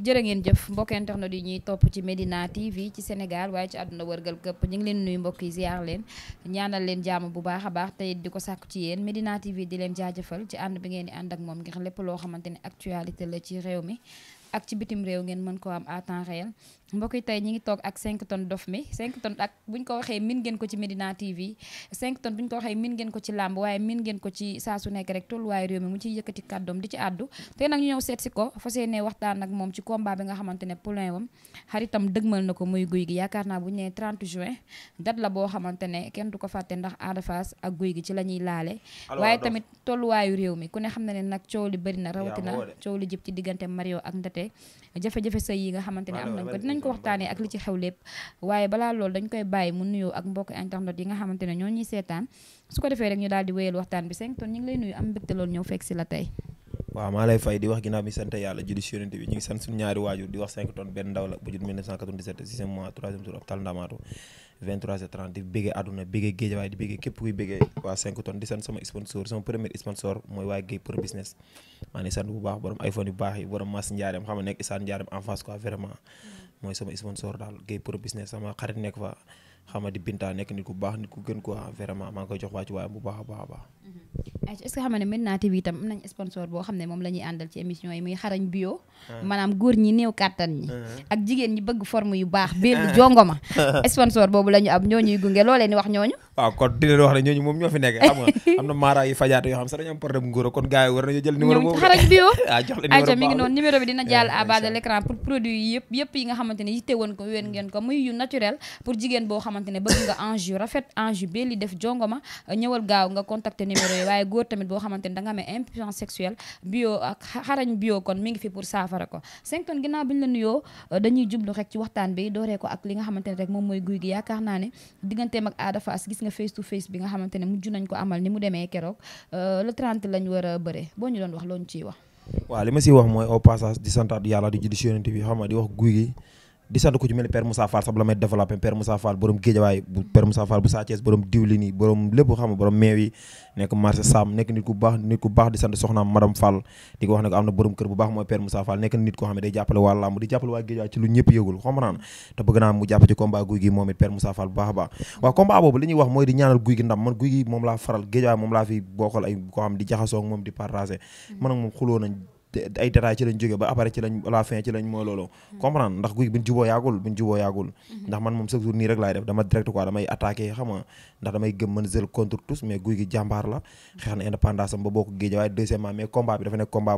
jërë ngeen jëf mbokk internet yi ñuy topp ci Medina TV ci Sénégal waaye ci àdduna wërgal këpp ñu ngi leen nuyu mbokk yi ziar leen ñaanal leen jàmm bu baax a baax tey di ko sàkku ci yéen Medina TV di leen jaajëfal ci ànd bi ngeen di ànd ak moom ngir lépp loo xamante ne actualité la ci réew mi ak ci bitim réew ngeen mën koo am à temps réel mbokk yi tey ñi ngi toog ak 5 tonnes dof mi 5 tonnes ak bu ko waxee min ngeen ko ci Medina TV 5 tonnes bu ko waxee min ngeen ko ci làmb waaye min ngeen ko ci saa nekk rek tolluwaay réew mi mu ciy yëkkati kàddoom di ci àddu tey nag ñu ñëw seet si ko fas yéene xamante ne poulain wam xaritam dëgmal na ko muy guy gi yaakaar naa bu ñu nee 30 juin date la boo xamante ne kenn du ko fàtte ndax Ada Fass ak guy gi ci la ñuy laale waaye tamit tolluwaayu réew mi ku ne xam na ne nag coow li bëri na rawatina coow li jëp ci diggante Mario ak Ndate jafe-jafe sëy yi nga xamante ne am nañ waaye balaa loolu dañ koy bàyyi mu nuyoo ak mbokk internet yi nga xamante ne ñoo ñuy seetaan su ko defee rek ñu daal di wéyal waxtaan bi Seng Ton ñu ngi lay am mbégte loolu ñëw fekk si la tey waaw maa lay fay di wax ginnaaw bi sant yàlla julli si yonente bi ñu sant suñu ñaari waajur di wax 5 tonnes benn ndaw la bu jud mois troisième tour hôpital di bëggee àdduna bëggee géej waaye di bëggee képp kuy bëggee waa 5 tonnes di sant sama sponsor sama premier sponsor mooy sama sponsor daal Guèye Pro Business sama xarit nekk fa xam di Binta nekk nit ku baax nit ku gën quoi vraiment maa ngi jox waa ci waaye bu baax a baax a baax. Mm-hmm. est-ce que xam ne Medina TV itam am nañ sponsor boo xam ne moom la ñuy àndal ci émission xarañ bio. Ah. maanaam góor ñi néew kàttan ñi. Ah. ak jigéen ñi bëgg forme yu baax. benn jongoma ah. sponsor boobu la am ñoo ñuy gunge loo leen wax ñooñu. waaw kon di leen wax ne ñooñu moom ñoo fi nekk xam nga na maara yi yoo xam sax dañu am problème ngóor kon gars yi jël oh. ah, numéro bi dina eh, jàll à de l'écran pour produit yi yëpp yi nga xamante ne yitte woon ko wéen ngeen ko muy yu naturel pour jigéen boo xamante bëgg nga ange rafet ange yu belli def jongoma ñëwal gaaw nga contacter numéro yi waaye góor tamit boo xamante ne da nga amee bio ak xarañ bio kon mi ngi fi pour saafara ko cinq tonnes ginnaaw bi la euh, nga face to face bi nga xamante ne mujj nañ ko amal ni mu demee keroog euh, le 30 lañ war a bëre boo ñu doon wax loo ñu ciy wax. waa li ma si wax mooy au passage di santaat yàlla di juddi si yonent bi xam nga di wax guy gi. di sant ku ci mel ni Père Moussa Fall sax la may développé Père Moussa Fall borom géejawaay bu Père Moussa Fall bu Sa Thiès borom diwlin yi lépp xam nga borom nekk marché Sam nekk nit ku baax nit ku baax di sant soxnaam madame Fall di ko wax ne ko xam ne day jàppale waa làmb di jàppale waa géejawaay ci lu ñëpp yëgul comprendre te bëgg naa mu jàpp ci combat guy gi moom it Père Moussa Fall bu baax a baax waaw combat boobu li ñuy wax mooy di ñaanal ay détails ci lañ jógee bi dafa nekk combat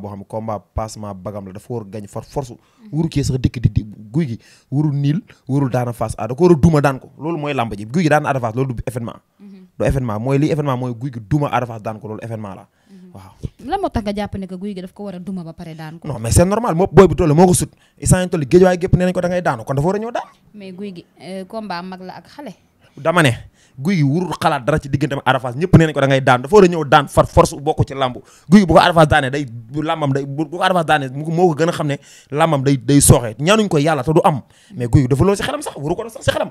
boo xam ne passement bagam la dafa war gañ far force hmm. wuru kii sax dëkk di guy gi wurul niil wurul daana face à da ko war a duma daan ko loolu mooy làmb ji guy gi daan Ada Fass loolu du événement hmm. du événement mooy li événement mooy guy gi duma Ada Fass daan ko loolu événement la hmm. waaw lan moo tax nga jàpp ne que guy gi daf ko war a duma ba pare daan ko mais c'est normal moo booy bi moo ko sut isaan toll géej waaye gépp nee ko da daanu kon dafa war a ñëw daan mais guy euh, ci diggante ak ñëpp nee nañ ko da ngay daan a ñëw daan far force bokk ci làmb guy gi bu a Arafaas daanee day làmbam day bu ko Arafaas daanee moo ko gën a xam ne làmbam day day sooxee ñaanuñ ko yàlla te am mais guy gi dafa loolu si xelam sax wuru sax si xelam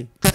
interdit.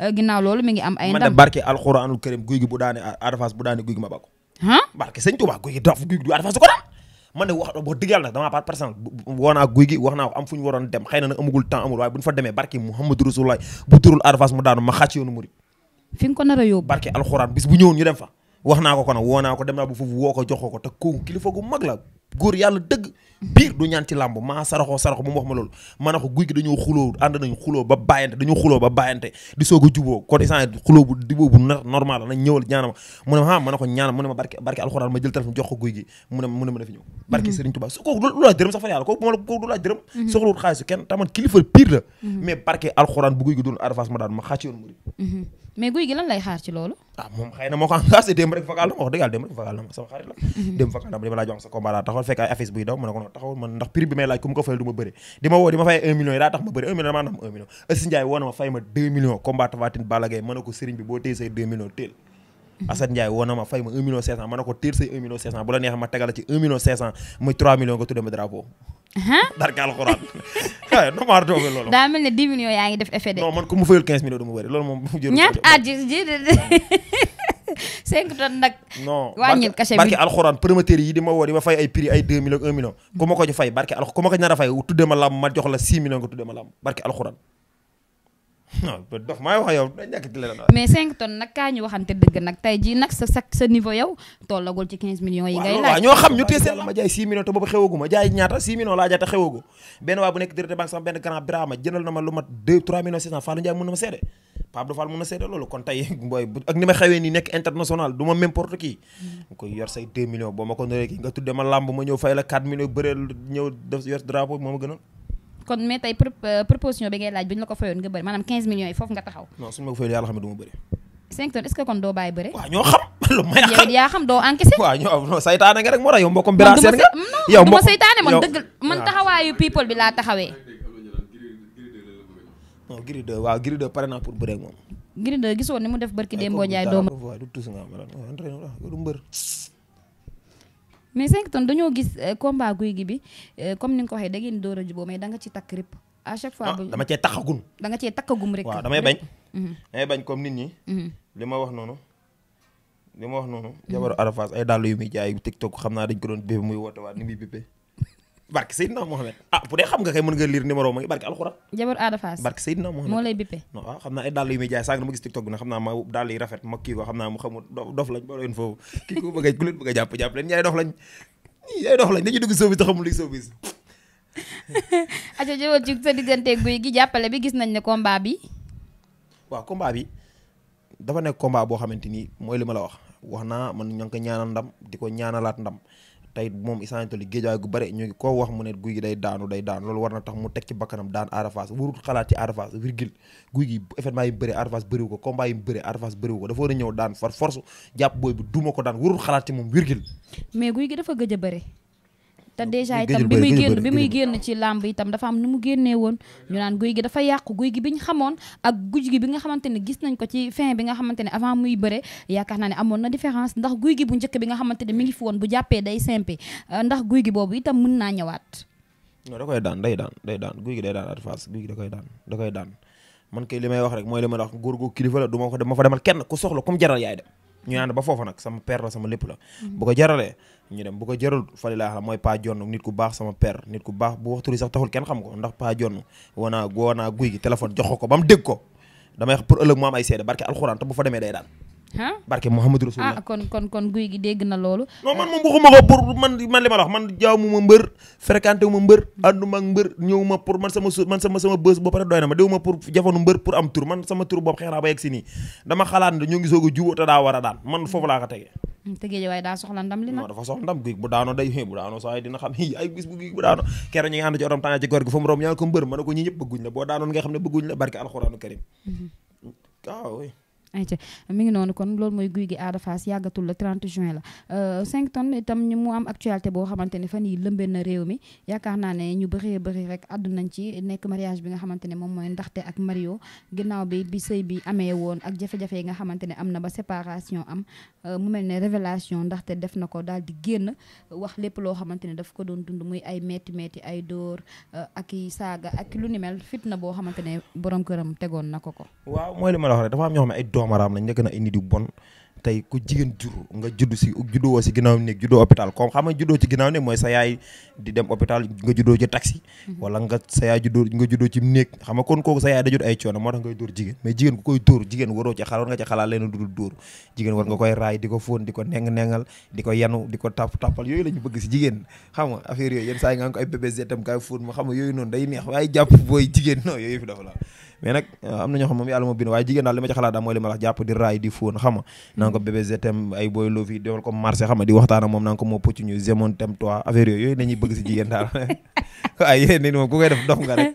Euh, ginnaaw loolu mi ngi ay ndam man de barke alxuraanul karim guy gi bu daane Ada Fass bu daane guy gi ma bako barke sëñ Tuubaa guy gi dof guy gi du Ada du ko daan man de wax wax dëgg yàlla nag damaa par personne woo naa guy gi wax naa am fu ñu waroon dem xëy na nag amagul temps amul waaye bu ñu fa demee barke Muhammadu Rasulullah bu turul Ada Fass mu daanu ma xàcc yoonu murid fi nga ko nar a barke alxuraan bis bu ñëwoon ñu dem fa wax naa ko ko nag woo naa ko dem naa ba foofu woo ko jox ko te kilifa gu mag la góor yàlla dëgg biir du ñaan ci làmb maa saraxoo saraxo ba wax ma loolu ma ko guy gi dañoo xuloo ba bàyyante di soog a juboo ah, ko ñaanal mu ne ma barke barke ko guy gi mu mhm. su kooku du laaj mhm. kenn taman kilifa pire la mhm. mais barke alxuraan bu guy gi doon advance ma daan ma xàcc yoon murid mais guy gi lan lay xaar ci loolu ah moom xay na moo ko engagé démb rek vocal la ma wax dëgg yàlla rek vocal la ma sama xarit la démb vocal la ma di ma laaj wax mu ko fayal du ma bëri di ma woo di ma fay 1 million yi daa tax ma bëri 1 million damaa nam 1 million Assi Ndiaye woo na ma fay ma 2 millions combat Tapha Tine Balla Gaye ko sëriñ bi boo téye say 2 millions téel Assane Ndiaye woo ma fay ma 1 million 500 ma ne ko téer say million 500 bu ma tegala million 500 tuddee ma drapeau. ngi de. non man ma wëri loolu moom. Ah, jërëjëf ñaata ah barke alxuraan promoteur yi di ma woo di ma fay ay prix ay 2 millions 1 million. ku ma ko fay barke alxuraan ku ma ko nar a fay tuddee ma làmb ma jox la 6 millions nga tuddee ma làmb barke alxuraan. non dox maa wax yow mais 5 tonnes nag kaa ñu waxante dëgg nag tey jii nag sa sa sa niveau yow tollagul ci 15 millions yi ngay laaj waaw ñoo xam ñu tee la ma jaay 6 millions te boobu xewagu ma jaay ñaata 6 millions laa jaay te xewagu benn waa bu nekk directeur banque sama benn grand brama jëndal na ma lu mat 2 3 millions 600 Fallou Ndiaye mën na ma seede Pape Abdou Fall mën na seede loolu kon tey ak ni ma xewee nii nekk international kon mais tey proposition bi ngay laaj bu la ko fayoon nga bëri maanaam 15 millions yi foofu nga taxaw. suñu ma ko fayoon yàlla xam ne du ma bëri. 5 tonnes est ce que kon doo bàyyi xam lu may xam yow yaa xam bi. du ma saytaane man dëgg man taxawaayu people bi laa taxawee. non Gris 2 waaw Gris 2 pare naa pour bëreeg moom. Gris 2 gisoon ni mu def barki Demba Ndiaye doomu. waaw du tus du mbër mais 5 tonnes dañoo gis euh, combat guy gi bi euh, comme ni nga ko waxee da door a juboo mais da nga ci takk rip à chaque ah, cee taxagum. da rek. waaw damay bañ. Mhm. damay bañ comme nit ñi. Mhm. li ma wax noonu. li ma wax noonu. Mhm. jabaru Arafas ay dàll yu muy jaay TikTok xam naa dañ ko doon bébé muy woote waat ni muy bébé. barke Seydina Mohamed ah bu dee xam nga kay mën nga lire numéro ma ngi barke alxuraan jabar Ada Fass barke Seydina Mohamed moo lay bippe non waaw xam naa ay dàll yu muy jaay sànq dama gis tiktok bi nag xam naa ma dàll yi rafet ma kii xam naa a ku leen bëgg a jàpp jàpp leen ñaay dof lañ ñaay dof lañ dañuy dugg service te xamul li service aca jëwal gi jàppale bi gis nañ ne combat bi waaw combat bi dafa nekk combat boo xamante ni mooy li ma la wax wax naa man ñoo ngi ko ñaanal di ko ñaanalaat ndam tey moom Issa Antony géejawaay gu bëri ñu ko wax mu ne guy gi day daanu day daanu loolu war na tax mu teg ci bakkanam daan Ada Fass warul xalaat ci Ada Fass virgule guy gi événement yi mu bëree Ada Fass bëriwu ko combat yi mu bëree Ada Fass bëriwu ko dafa war a ñëw daan far force jàpp booy bi duma ko daan warul xalaat moom virgule mais guy gi dafa gëj a bëri te déjà itam bi muy génn muy génn ci làmb itam dafa am nu mu génnee woon ñu naan guy gi dafa yàqu guy gi bi ñu xamoon ak guy gi bi nga xamante ne gis nañ ko ci fin bi nga xamante ne avant muy bëre yaakaar naa ne amoon na différence ndax guy gi bu njëkk bi nga xamante ne mi ngi fi woon bu jàppee day simpi euh, ndax guy gi boobu itam mun naa ñëwaat non da koy daan day daan day daan guy gi day guy gi da koy daan da koy daan man kay li may wax rek mooy li may wax góor gu kilifa la du ma ko dem ma fa demal kenn ku soxla comme jaral yaay dem ñu ànd ba foofa nag sama père sama lépp la mm-hmm. bu ko jaralee ñu dem bu ko jëral fali laa mooy pa nit ku baax sama père nit ku baax bu waxtu li sax taxul kenn xam ko ndax pa jonn woonaa woonaa guy gi téléphone jox ko ko ba mu dégg ko damay pour ëllëg mu am ay seede barke alxuraan te bu fa deme day daan ah barke Mouhamadou Rasulullah ah a kon kon guy gi dégg na loolu. non man moom waxuma ko pour man li ma la man jaaw mbër man a jubóo a ko tegee. Mm, tëgee bëgguñ la boo daanoon nga xam ne bëgguñ la barke alxuraanu karim mm-hmm. ah, ayca mi ngi noonu kon loolu mooy guy gi Ada Fass yàggatul la 30 juin la 5 euh, tonnes itam mu am actualité boo xamante ne fan yi lëmbee na réew mi yaakaar naa ne ñu bëree bëri rek addu ci nekk mariage bi nga xamante ne moom mooy ndaxte ak Mario ginnaaw bi bi sëy bi amee woon ak jafe-jafe yi nga xamante ne am na ba séparation am euh, mu mel ne révélation ndaxte def na ko daal di génn wax lépp loo xamante ne daf ko doon dund muy ay metti metti ay dóor euh, ak i saaga ak lu ni mel boo xamante ne borom këram tegoon na ko ko. doomaraam lañ la gën a indi di bon tey mhm. kon kooku sa yaay da jot ay coono moo tax ngay dóor jigéen waroo ci xalaat nga ci xalaat leen dudul dóor jigéen war nga koy raay di ko fóon di ko neng nengal di ko yanu di ko tàpp yooyu la bëgg si jigéen xam yooyu fi dafa la mais nag euh, am na ñoo xam moom yàlla moo bind waaye jigéen daal li ma xalaat daal mooy li ma wax jàpp di raay di fóon xam nga mm. ko bébé ztem ay booy loofi defal ko marché xam nga di waxtaan moom naan ko moo pucc ñu zemon tem toi affaire yooyu yooyu la ñuy bëgg si jigéen daal waaye yéen nit moom ku koy def dof nga rek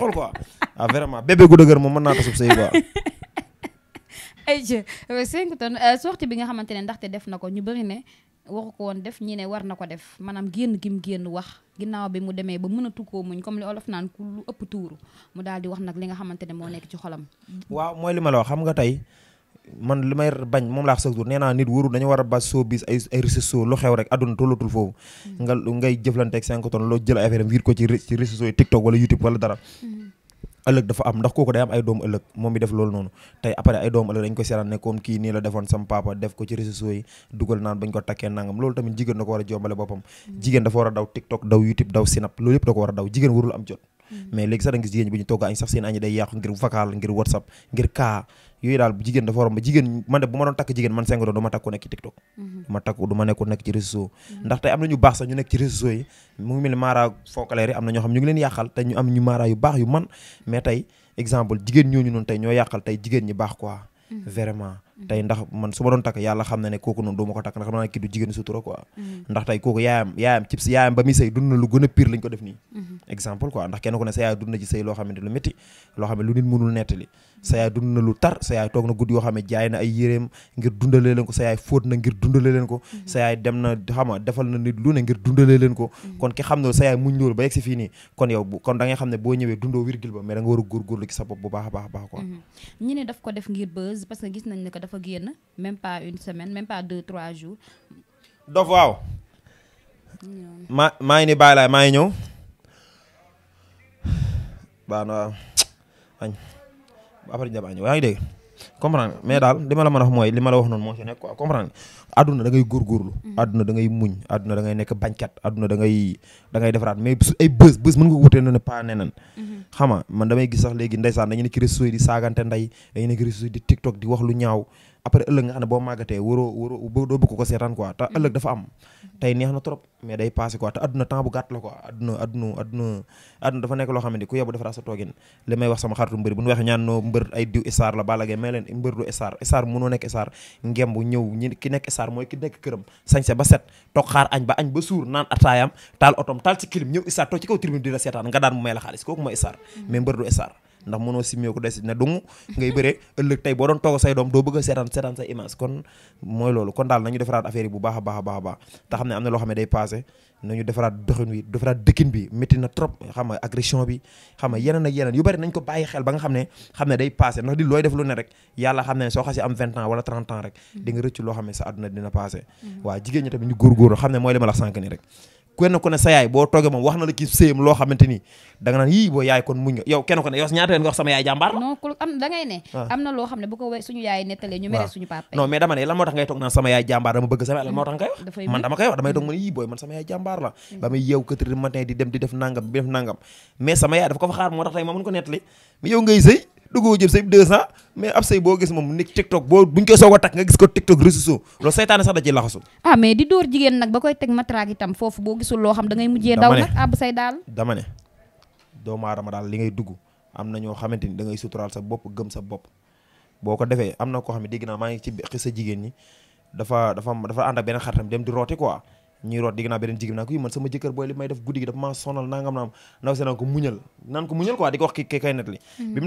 xool ko ah vraiment bébé gu dëgër moom mën naa tasub sëy quoi. ayca 5 tonnes sortie bi nga xamante ne ndaxte def na ko ñu bëri ne waxu ko woon def ñi ne war na ko def maanaam génn gi mu génn wax ginnaaw bi mu demee ba mënatu koo muñ comme li olof naan ku lu ëpp tuuru mu daal di wax nag li nga xamante ne moo nekk ci xolam. waaw mooy li wax xam nga tey. man li may bañ moom laa wax chaque jour nee naa nit wóorul dañu war bas soo bis ay ay réseaux lu xew rek àdduna tollatul foofu. Mm. nga ngay jëflanteeg 5 ko ci ci YouTube wala dara. Mm-hmm. ëllëg dafa am ndax kooku day am ay doomu ëllëg moom mi def loolu noonu tey après ay doomu ëllëg dañ ko seetaan ne comme kii nii la defoon sam papa def ko ci réseaux sociaux yi dugal naan bañ ko takkee nangam loolu tamit jigéen da ko war a jombale boppam mm-hmm. jigéen dafa war a yooyu daal jigéen dafa waroon ba jigéen man de bu ma doon takk jigéen man Senghor doon du ma takk nekk ci TikTok mhm. du ma takk du ma nekk nekk ci réseaux mhm. ndax tey am na ñu baax sax ñu nekk ci réseaux yi mu ngi mel ni fookaleer yi am na ñoo xam ñu ngi leen yàqal te ñu am ñu maara baax yu man mais tey exemple jigéen ñooñu noonu tey ñoo yàqal tey jigéen ñi baax quoi mhm. vraiment Mm-hmm. tey ndax man su doon takk yàlla xam na ne kooku noonu du ko takk ndax xam ne kii du jigéen sutura quoi mm-hmm. ndax tey kooku yaayam yaayam ci yaayam ba muy sëy dund na lu gën a pire lañ ko def nii mm-hmm. exemple quoi ndax kenn ku ne sa yaay dund na ci sëy loo xamante lu métti loo lu nit mënul nettali sa yaay dund na lu tar sa yaay toog ko sa ngir dundalee leen ko sa ne ngir dundalee da ngay xam ne boo ñëwee dafa génn même pas une semaine même pas deux trois jours. dof waaw. maa maa ngi ni bàyyi laay maa ngi ñëw. baax na waaw. après ñu dem añ yaa ngi dégg. comprendre mais daal li ma la a wax mooy li ma wax noonu moo ci nekk quoi comprendre àdduna da ngay góorgóorlu mm. àdduna da ngay muñ àdduna da ngay nekk bañkat àdduna da ngay da ngay defaraat mais su ay bës bës mën nga wutee ne pas neneen mm-hmm. xama man damay gis sax léegi ndeysaan dañu nekk réseau yi di saagante nday dañ nekk réseau yi di tiktok di wax lu ñaaw après ëllëg nga xam ne boo màggatee waroo waroo doo bëgg ko seetaan quoi te ëllëg mm-hmm. dafa am tey neex na trop mais day passé quoi te adduna temps la quoi adduna adduna adduna adduna loo xam ne ku yebu defaraat sa toogin li may wax sama xaritu mbëri bu ñu waxee ñaan noo mbër ay diw du star ki nekk star mooy ki nekk këram sañse ba set toog xaar añ ba añ ba suur naan ataayam taal otom taal nga daan mu may la xaalis ndax mënoo simmeeku des na dungu ngay bëree ëllëg tey boo doon toog say doom doo bëgg a seetaan seetaan say image kon mooy loolu kon daal nañu defaraat affaire yi bu baax a baax a baax a baax te xam ne am na loo xam ne day passé na trop xam nga nga yeneen ak yeneen yu bari ko bàyyi xel ba nga xam ne xam ne day passé ndax di looy def lu ne rek yàlla xam ne soo xasee am 20 ans wala 30 ans rek di nga loo xam ne sa àdduna dina passé mm-hmm. waaw jigéen ñi tamit ñu góorgóorlu xam ne mooy li ma la sànk rek kenn ku ne sa yaay boo toogee moom wax na la kii sëyam loo xamante ni da naan yii boo yaay kon muñ nga yow kenn ku ne yow ñaata ne ah. am na loo xam ne ko ah. ne mm. yaay jàmbaar la mm. ba may yeew quatre heures matin di dem di def nangam bi def nangam mais sama yaay dafa ko fa xaar moo tax tey ma mën ko nettali mais yow ngay sëy duggoo jël say 200 mais ab say boo gis moom nekk tiktok boo buñ koy soo a takk nga gis ko tiktok réseaux sociaux loolu saytaane sax da ciy laxasu ah mais di dóor jigéen nag ba koy teg matraque itam foofu boo gisul loo xam da ngay mujjee daw nag àbb say daal dama ne doomu aadama daal li ngay dugg am na ñoo xamante ni da ngay suturaal sa bopp gëm sa bopp boo ko defee am na koo xam ne dégg naa maa ngi ci sa jigéen ñi dafa dafa dafa ànd ak benn xaritam dem di rooti quoi ñuy root di gannaaw beneen jigéen naa ko yi sama jëkkër booy li may def guddi gi dafa maa sonal nangam naam ndaw si naan ko muñal naan ko muñal quoi di ko wax ki kay net mm-hmm. bi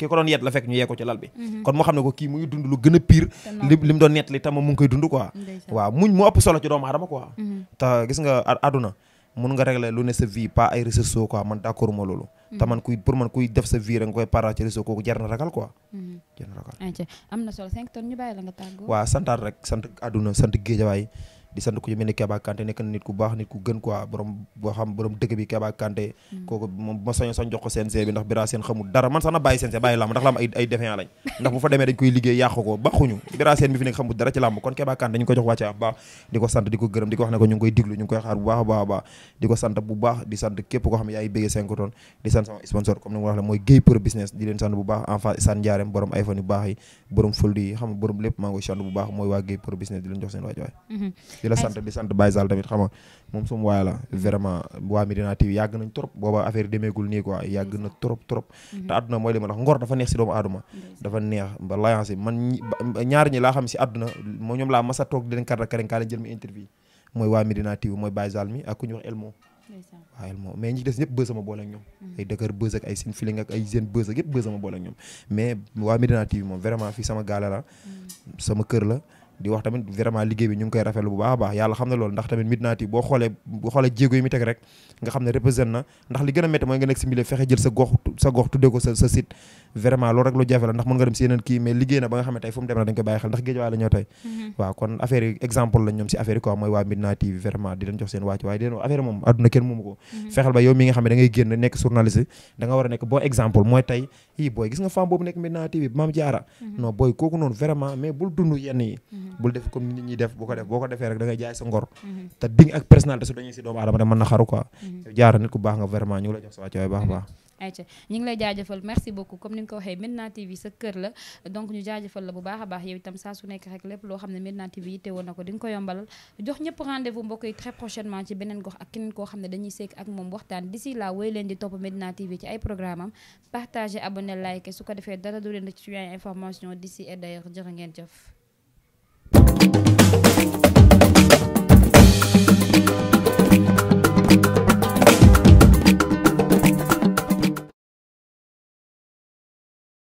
ko doon yet la fekk ñu yeew ko ci lal bi mm-hmm. kon moo xam ne ko kii mu ngi dund lu gën a pire li li mu tam mu ngi koy dund quoi waaw mu ëpp solo ci doomu aadama quoi mm-hmm. te gis nga àdduna mun nga régler lu ne sa vie pas ay réseaux quoi man d'accord ma loolu. te kuy pour man kuy def sa vie rek nga koy paraa ci réseau kooku jar na ragal quoi. Mhm. jar na ragal. am na solo 5 la nga tàggoo. waaw santaat rek sant àdduna sant di sant ku ci mel ni Keba Kanté nekk na nit ku baax nit ku gën quoi borom boo xam borom dëkk bi Keba mm. moom ma sañoon sax jox ko CNG ndax Bira Sène xamul dara man sax na bàyyi CNG bàyyi làmb ndax làmb sponsor comme ni ma wax la mooy Guèye Pro Business di leen sant bu baax San Ndiarème borom iPhone mooy waa Guèye Pro Business di leen jox seen waajowaay mm-hmm. di la sant di sant Baye Sall tamit xam nga moom sum waay la vraiment waa Medina TV yàgg nañ trop booba affaire demeegul nii quoi yàgg na trop trop mhm. te àdduna mooy dema ma wax ngor dafa neex si doomu aadama dafa neex ba layancé man ñaar ñi laa xam si àdduna moo ñoom laa masa toog di leen karda karen kaa leen jël mi interview mooy waa Medina TV mooy Baye mi ak ku ñu wax Elmo waaw Elmo mais ñi des ñëpp sama boole ak ñoom mhm. ay Dakar bës ak ay Sine Feeling ak ay Zen bës ak yëpp moom vraiment fii sama gaale la mhm. sama kër la di wax tamit vraiment liggéey bi ñu ngi koy rafetlu bu baax a baax yàlla xam na loolu ndax tamit Midnight yi boo xoolee boo yi mi teg rek nga xam ne représenté na ndax li gën a métti mooy nga nekk si milieu fexe ba yow mi nga xam ne génn nekk journaliste da war a nekk bon exemple mooy tey i booy gis nga femme boobu nekk Midnight TV Mame Diarra mhm. non booy kooku noonu vraiment mais bul dund yenn yi mhm. bul def comme nit ñi def boo ko defee rek da jaay sa ngor mhm. te ding ak personnalité su dañuy si doomu aadama de mën na xaru quoi mhm. nit ku baax nga vraiment ñu ngi jox sa wàcc waay baax baax mhm. ayca ñu su nekk rek loo xam ne Medina TV yitte woon na ko di ko yombalal jox ñëpp rendez-vous mbokk yi très prochainement ci beneen gox ak keneen koo xam ne dañuy sekk ak moom waxtaan d'ici là wooy leen di topp Medina TV ci ay programme partager abonné like su